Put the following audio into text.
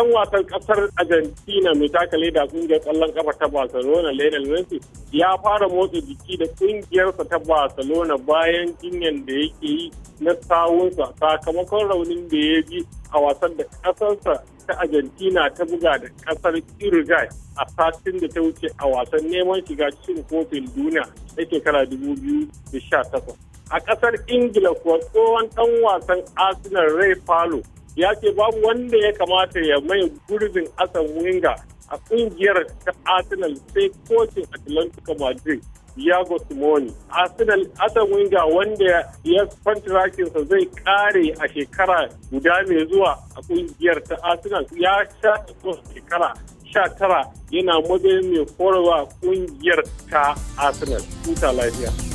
dan wasan kasar Argentina mai taka leda kungiyar kwallon kafa ta Barcelona Lionel Messi ya fara motsa jiki da kungiyarsa ta Barcelona bayan jinyar da yake yi na sawunsa sakamakon raunin da ya ji a wasan da kasarsa ta Argentina ta buga da kasar Uruguay a satin da ta wuce a wasan neman shiga cikin kofin duniya na shekara 2018. A kasar Ingila kuwa tsohon dan wasan Arsenal Ray Falo ya ce babu wanda ya kamata ya mai gurbin asan winga a kungiyar ta arsenal sai kocin atlantico madrid yago simoni arsenal asan winga wanda ya kwantirakinsa zai kare a shekara guda mai zuwa a kungiyar ta arsenal ya sha shekara sha tara yana matsayin mai horarwa kungiyar ta arsenal kuta lafiya